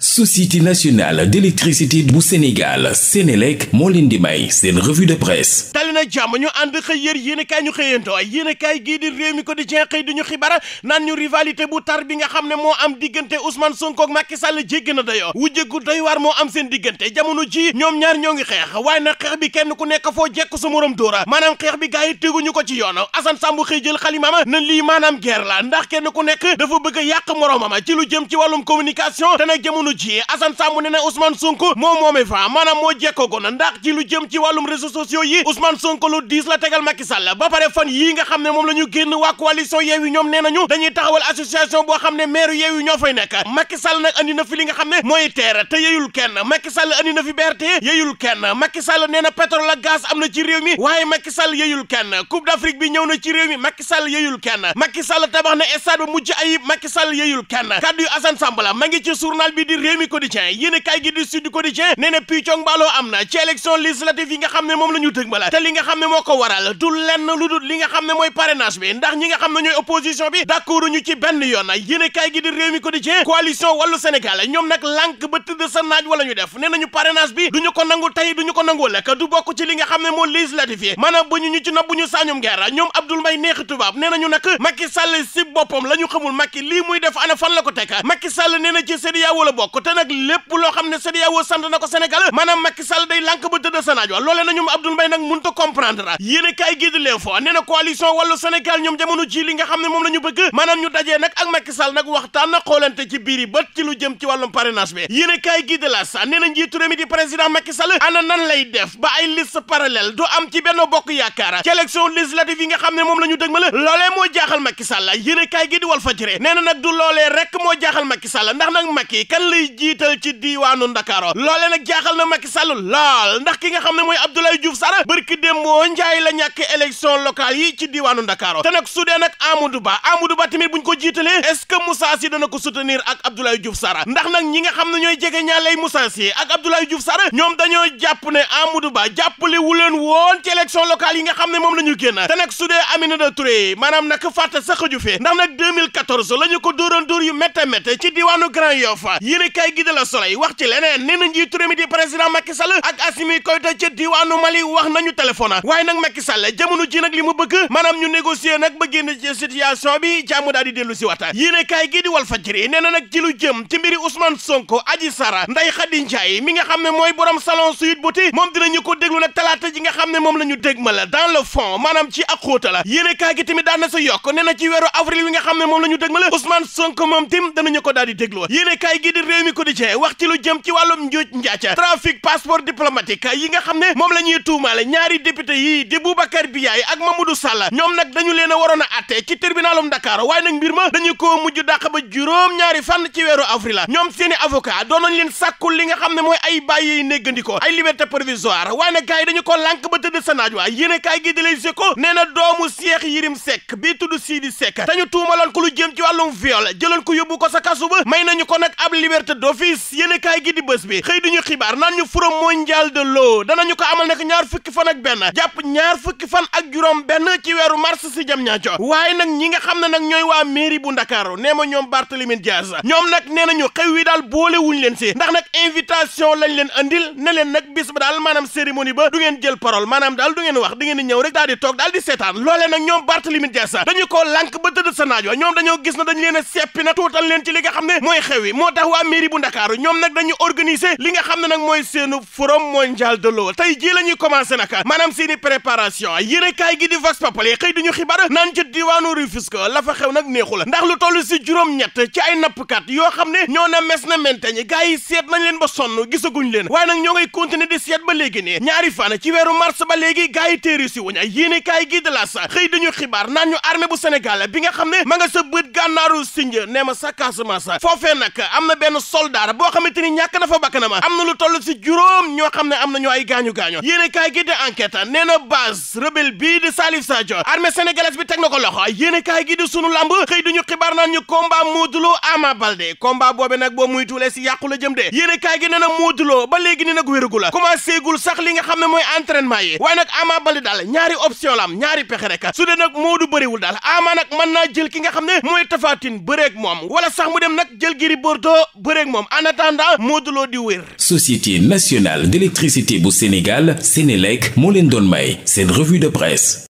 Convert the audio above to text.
société nationale d'électricité bu Sénégal Sénélec moo leen di may seen revue de presse tali na jàmm ñu ànd xëy yër yéenekaay ñu xëyanto yéenekaay gii di réew mi quotidien xëy duñu xibaar naan ñu rivalité bu tar bi nga xam ne moo am diggante Ousmane Sonko ak Macky Sall jégg na dayoo wujjëgu doy waar moo am seen diggante jamono ji ñoom ñaar ñoo ngi xeex waaye na xeex bi kenn ku nekk foo jekk sa morom dóora maanaam xeex bi gars yi teguñu ko ci yoon Assane Samb xëy jël xalimaama na maanaam guerre ndax kenn ku nekk dafa bëgg yàq moroomama ci lu jëm ci wàllum communication jamono ji Assane Samb ne nag andi na xam ne mooy teer te yeyul kenn Macky Sall andi na fi am na ci réew mi waaye Macky Sall kenn Coupe tabax na stade bu mujj ayib Macky Sall kenn kàddu yu Assane Samb ci journal bi di Rewmi Quotidien yéen a kaay gi di Sud Quotidien nee na piccong baaloo am na ci élection législative yi nga xam ne moom la ñu dëgmal te li nga xam ne moo ko waral du lenn lu dul li nga xam ne mooy parrainage bi ndax ñi nga xam ne ñooy opposition bi d'accord ñu ci benn yoon yéen a kaay gi di Rewmi Quotidien coalition Wallu Sénégal ñoom nag lank ba tëdd sa naaj wala ñu def nee ñu parrainage bi duñu ko nangu tey duñu ko nangu lekk du bokk ci li nga xam ne moo législatif yi maanaam bu ñu ñu ci bu ñu saañum guerre ñoom Abdoul Mbaye neexi tubaab nee nañu nag Macky Sall si la ñu xamul Macky lii muy def ana fan la ko teg Macky Sall nee na ci CEDEAO bokk te nag lépp loo xam ne CEDEAO sant na ko Sénégal maanaam Macky Sall day lànk ba tëdd sa naaj wa loolee na ñoom Abdoul Mbaye nag mënut a comprendre a yéen a kaay gii di l'info nee na coalition wàllu Sénégal ñoom jamono ji li nga xam ne moom la ñu bëgg maanaam ñu dajee nag ak Macky Sall nag waxtaan na xoolante ci biir yi bët ci lu jëm ci wàllum parrainage bi yéen a kaay gii di sa njiitu réew mi di président Macky Sall ana nan lay def ba ay liste parallèle du bokk yaakaar ci élection législative nga xam ne moom la ñu dëgmal loolee moo jaaxal Macky Sall yéen a kaay gii di Walf na nag du loolee rek moo jaaxal Macky ndax nag Macky kan lay jiital ci diiwaanu Ndakaaru loole nag jaaxal na Macky Sall lool ndax ki nga xam ne mooy Abdoulaye Diouf Sarr bërki démboo njaay la ñàkk élection locale yi ci diiwaanu Ndakaaru te nag su dee nag Amadou Ba Amadou Ba tamit bu ñu ko jiitalee est-ce que Moussa Sy dana ko soutenir ak Abdoulaye Diouf Sarr ndax nag ñi nga xam ne ñooy jege ñaaley Moussa Sy ak Abdoulaye Diouf Sarr ñoom dañoo jàpp ne Amadou Ba jàppale wu leen woon ci élection locale yi nga xam ne moom la ñu génn te nag su dee Aminata Touré maanaam nag fàtte sax ju fee ndax nag 2014 ko dóoroon dóor yu yéene kaay gi de la Soleil wax na njiitu réew mi di nag Macky Sall jamono ji nag li mu bëgg maanaam ñu négocier nag ba génn ci situation bi jàmm daal di kaay gi di Walf Fadjri nee na nag ci lu jëm ci mbiri Ousmane Sonko Adji Sarr Ndeye Khady Ndiaye mi nga xam ne mooy borom salon Sweet Beauté moom dinañu ko déglu nag talaata ji nga xam ne moom la ñu dégma la dans le fond maanaam ci ak xóota la yéene kaay gi tamit daan na sa yokk nee na ci weeru avril wi nga xam ne moom la ñu dégma la Ousmane Sonko moom tim danañu ko daal di déglu yéene réew mi quotidien wax ci lu jëm ci wàllum njuuj njaaca trafic passeport diplomatique yi nga xam ne moom la ñuy tuumaale ñaari député yi di Boubacar Biaye ak ma Mamadou Sall ñoom nag dañu leen a waroon a atte ci tribunalum Dakar waaye nag mbir ma dañu ko mujj dàq ba juróom ñaari fan ci weeru avril la ñoom seeni avocat doon nañ leen sàkkul li nga xam ne mooy ay bàyyi néggandiko ay liberté provisoire waaye na gars yi dañu ko lànk ba tëdd sa naaj waa yéene kaay gi di lay seko nee na doomu Cheikh Yérim Seck bii tudd Sidi Seck dañu tuumaloon ko lu jëm ci wàllum viol jëloon ko ko sa kasu ba may nañu ko nag tête d'office yéen kaay gi di bés bi xëy duñu xibaar naan ñu forum mondial de l'eau danañu ko amal nag ñaar fukki fan ak benn jàpp ñaar fukki fan ak juróom benn ci weeru mars si jam ñaaco waaye nag ñi nga xam ne nag ñooy waa mairie bu ndakaaru nee ma ñoom Barthélémy Dias ñoom nag nee nañu xew wi daal boole wuñ leen si ndax nag invitation lañ leen andil ne leen nag bis ba daal maanaam cérémonie ba du ngeen jël parole maanaam daal du ngeen wax di ngeen di ñëw rek daal di ñoom Barthélémy gis na dañ leen a seppi na leen ci li nga xam ne mooy xew wi moo tax mairie bu Ndakaaru ñoom nag dañu li nga xam ne nag mooy seenu forum mondial de l'eau tey jii la ñuy commencé nag maanaam seeni préparation yéen kaay gi di Vox Populi xëy duñu xibaar naan ci diwaanu Rufisque la fa xew la ndax lu toll si juróom-ñett ci ay nappkat yoo xam ne ñoo na mes na menteñ gars yi seet nañ leen ba sonn gisaguñ leen waaye nag ñoo ngay continuer di seet ba léegi ne ñaari fan ci weeru mars ba léegi gars yi téeri si wuñ yéen kaay gi de la sa xëy duñu xibaar naan ñu armée bu Sénégal bi nga xam ne ma nga sa bët gànnaaru sinj nee ma sa Casamance foofee nag am na benn benn soldat boo xamante ni ñàkk na fa am na lu toll si juróom ñoo xam ne am nañu ay gaañu gaañu yéen kaay gi di enquête nee na base rebelle bii di Salif Sadio armée sénégalaise bi teg na ko loxo yéen kaay gi di sunu lamb xëy duñu xibaar naan ñu combat Modou Lo Ama Baldé combat boobe nag boo muy tuulee si yàqu la jëm de yéen kaay gi nee na Modou ba léegi ni nag wérugula commencé gul sax li nga xam ne mooy entraînement yi waaye nag Ama Baldé daal ñaari option la am ñaari pexe rek su dee nag Modou bëriwul daal Ama naa jël ki nga xam ne mooy Tapha Tine bëreeg moom wala sax mu dem nag jël Gris Bordeaux bëreeg moom en attendant Modou Lo di wér. Société nationale d'électricité bu Sénégal Sénélec moo leen doon may seen revue de presse.